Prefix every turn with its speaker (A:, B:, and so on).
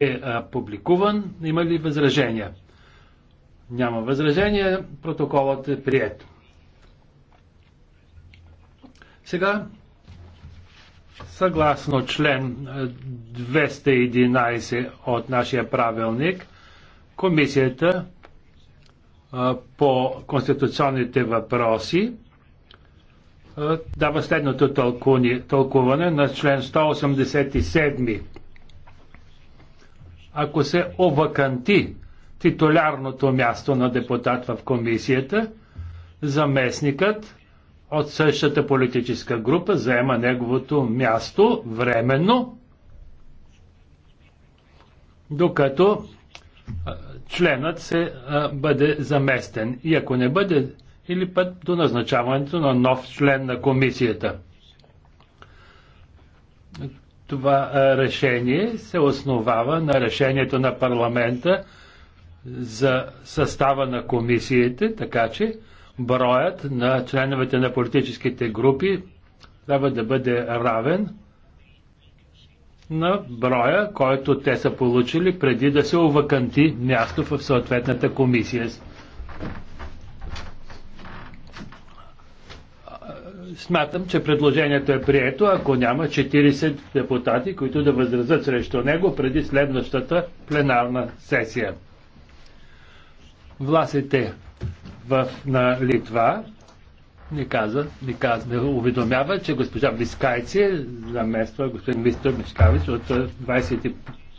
A: е а, публикуван. Има ли възражения? Няма възражения. Протоколът е прият. Сега, съгласно член 211 от нашия правилник, комисията а, по конституционните въпроси а, дава следното тълкуване на член 187 ако се оваканти титулярното място на депутат в комисията, заместникът от същата политическа група заема неговото място временно, докато членът се а, бъде заместен. И ако не бъде, или път до назначаването на нов член на комисията. Това решение се основава на решението на парламента за състава на комисиите, така че броят на членовете на политическите групи трябва да бъде равен на броя, който те са получили преди да се овъканти място в съответната комисия. Смятам, че предложението е прието, ако няма 40 депутати, които да възразят срещу него преди следващата пленарна сесия. Властите в, на Литва ни каза, ни каза, ни уведомява, че госпожа Вискайци замества господин Вистор Мишкавич от 25